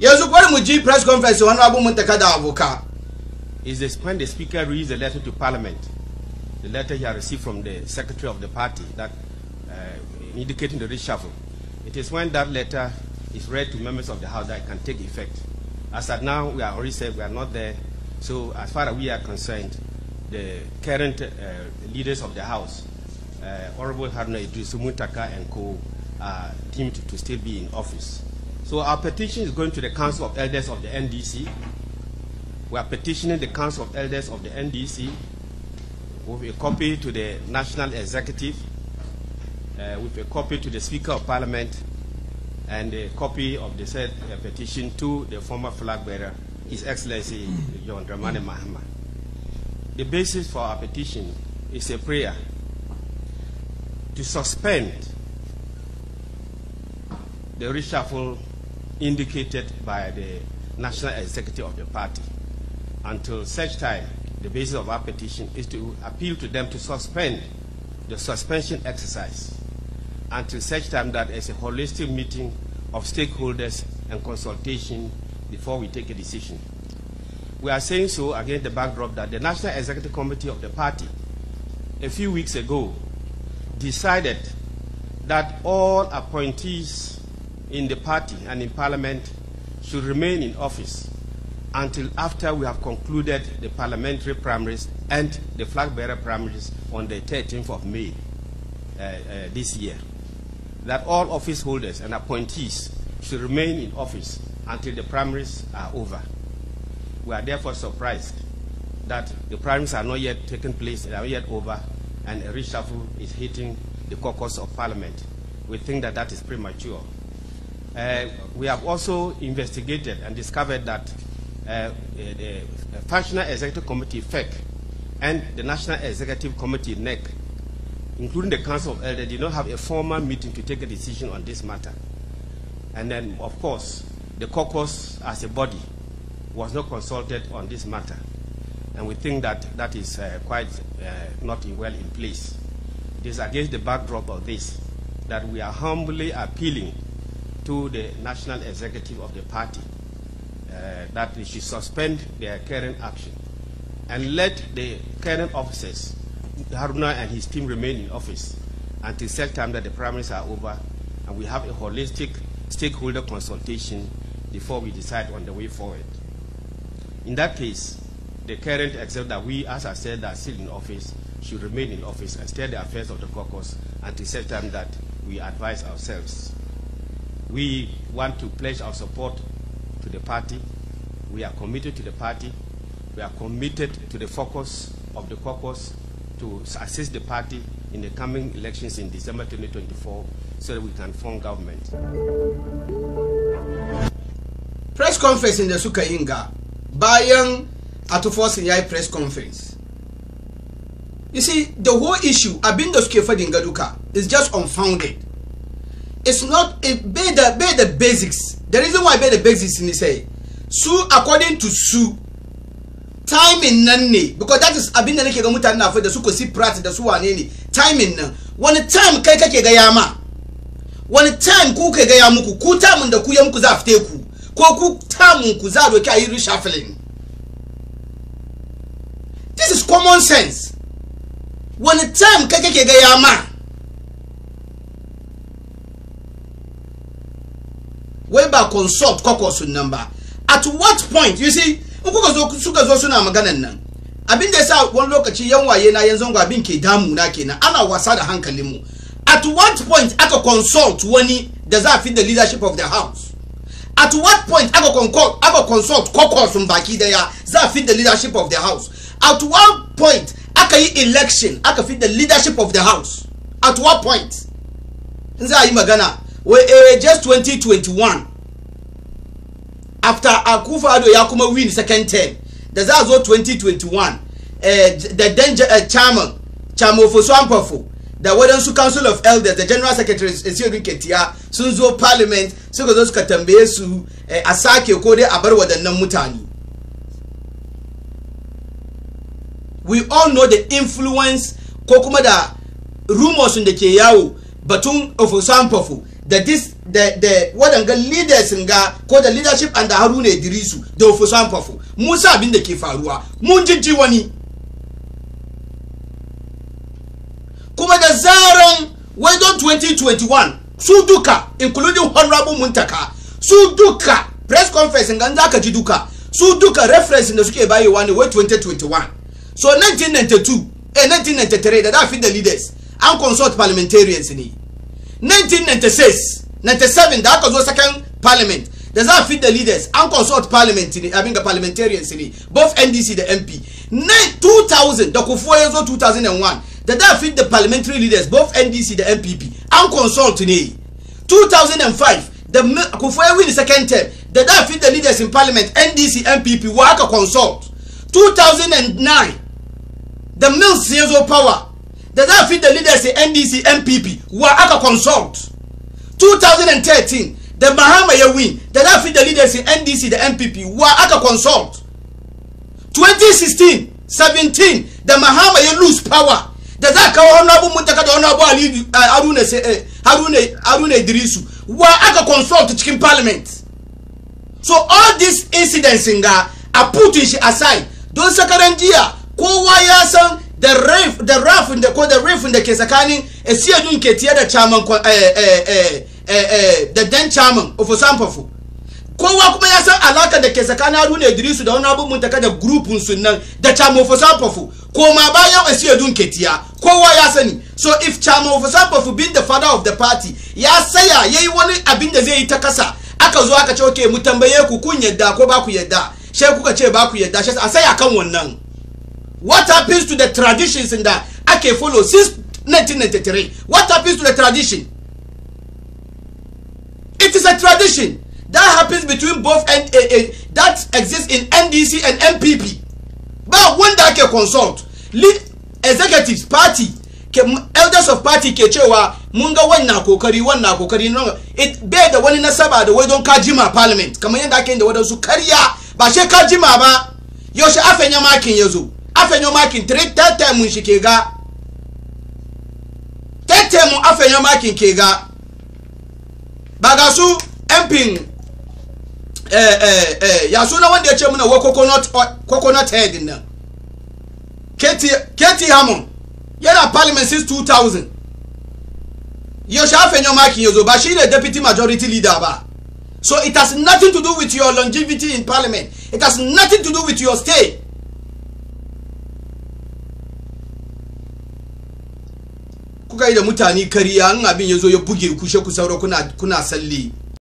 yanzu kwari mu ji press conference wani abu mun takarda avoka is the when the speaker reads the letter to parliament the letter he had received from the secretary of the party that uh, indicating the reshuffle it is when that letter is read to members of the house that can take effect as at now we are already said we are not there so as far as we are concerned the current uh, leaders of the house uh, honorable haruna idris muntaka and co are uh, deemed to still be in office so our petition is going to the Council of Elders of the NDC. We are petitioning the Council of Elders of the NDC with a copy to the National Executive, uh, with a copy to the Speaker of Parliament, and a copy of the said uh, petition to the former flag bearer, His Excellency John Dramani Mahama. The basis for our petition is a prayer to suspend the reshuffle indicated by the national executive of the party. Until such time, the basis of our petition is to appeal to them to suspend the suspension exercise until such time that there is a holistic meeting of stakeholders and consultation before we take a decision. We are saying so against the backdrop that the National Executive Committee of the party a few weeks ago decided that all appointees in the party and in parliament should remain in office until after we have concluded the parliamentary primaries and the flag bearer primaries on the 13th of May uh, uh, this year. That all office holders and appointees should remain in office until the primaries are over. We are therefore surprised that the primaries are not yet taken place, they are yet over, and a reshuffle is hitting the caucus of parliament. We think that that is premature. Uh, we have also investigated and discovered that uh, the uh, uh, Functional Executive Committee, FEC, and the National Executive Committee, NEC, including the Council of Elders, did not have a formal meeting to take a decision on this matter. And then, of course, the caucus as a body was not consulted on this matter. And we think that that is uh, quite not well in place. It is against the backdrop of this that we are humbly appealing to the national executive of the party uh, that they should suspend their current action and let the current officers, Haruna and his team, remain in office until such time that the primaries are over and we have a holistic stakeholder consultation before we decide on the way forward. In that case, the current, except that we, as I said, are still in office, should remain in office and steer the affairs of the caucus until such time that we advise ourselves. We want to pledge our support to the party. We are committed to the party. We are committed to the focus of the caucus to assist the party in the coming elections in December 2024 so that we can form government. Press conference in the Sukayinga at the first yi press conference. You see, the whole issue abin da suke gaduka is just unfounded it's not it, be the the basics the reason why be the basics in say So according to Sue timing in ne because that is abin da nake ga na fa da su si prat the su wane ne timing When wani time kai kake When yama time ku kai ku time da ku ya muku za fite ku ko reshuffling this is common sense When wani time kai kake ga wai ba consult kwakwa sunan ba at what point you see in kuka zo suka zo suna maganan nan abin da sa wani lokaci yan waye na yanzu ga abin ke damu na kenan ana wasa da mu. at what point aka consult wani da za fi the leadership of the house at what point aka consult aka consult kwakwasun baki daya za fi the leadership of the house at what point aka yi election aka fi the leadership of the house at what point in za a yi magana we eh just 2021 after akufa ado ya kuma win second term da za a zo 2021 eh, the danger uh, chairman chamofo swampafo da su council of elders da general secretary isiyogun eh, ketiya sun zo parliament suka zo suka tambaye su eh, a sake ko dai a bar wadannan mutane we all know the influence ko kuma da rumors da ke yawo batun ofusan fafo da dis da da waɗanga leaders nga ko da leadership and haruna idrisu da ofusan fafo mun sa abin da ke faruwa mun jinji wani kuma da zaran wai 2021 su duka including honorable muntaka su duka press conference ga za ka ji duka su duka reference da suke bayewa ne wai 2021 so 1992 eh 1993 da da fi da leaders an consult parliamentarians ne 1996 97 That was zo second parliament da za fit the leaders an consult parliament ne abin the parliamentarians ne both ndc the mp na 2000 da kufuwa ya zo 2001 da da fit the parliamentary leaders both ndc the mpp an consult ne 2005 da kufuwa ya win second term da da fit the leaders in parliament ndc mpp wa aka consult 2009 The mills ya zo power da za a fi da leaders ndc npp wa aka consult 2013 da mahama ya win da za a fi da leaders ndc da npp wa aka consult 2016 17 da mahama ya lose power da za a kawo abun muntaka da hannu abu eh, eh, haruna haruna idrisu wa aka consult cikin parliament so all these incidents nga a putin shi aside don sakaran jiya kowa ya san da raf da rafin da ko da rafin da ke tsakanin esiya dun ke tiye da chairman da eh, dan eh, eh, chairman ofusan fafu kowa kuma ya san alaka da ke tsakanin haruna idrisu da wani abubuwan taka da grupun nan da chairman ofusan fafu ko ma bayan esiya dun ke tiya kowa ya sani so if chairman ofusan fafu bin the father of the party ya saya yayi wani abin da zai yi ta kasa aka zo aka ce okay mu tambaye ku kun yadda ko ba ku yadda sai kuka ce ba ku yadda sai a saya kan wannan What happens to the traditions in the can follow since 1993? What happens to the tradition? It is a tradition that happens between both and eh, eh, that exists in NDC and MPP. But when that can consult, lead executives party ke elders of party ke cewa mun ga wannan it wannan the it in the wani nasaba da wai don kajima parliament kamar yadda way yin da wadansu karya ba she kajima ba yaushe afenya makin ya afɛnyɔma kintere tɛɛtɛɛ mu nsikega tɛɛtɛɛ mu afɛnyɔma kinkega bagasu emping ɛɛ ɛɛ ɛɛ yasu na wɔn de kyɛ mu na wɔ coconut ɔ coconut head na keti keti hammond yɛrɛ parliament since two thousand yosha afɛnyɔma kinyozo bashir the deputy majority leader ba so it has nothing to do with your longevity in parliament it has nothing to do with your stay. rai da mutane kariya in abin ya zo ya buge ku shi ku sauro kuna kuna salli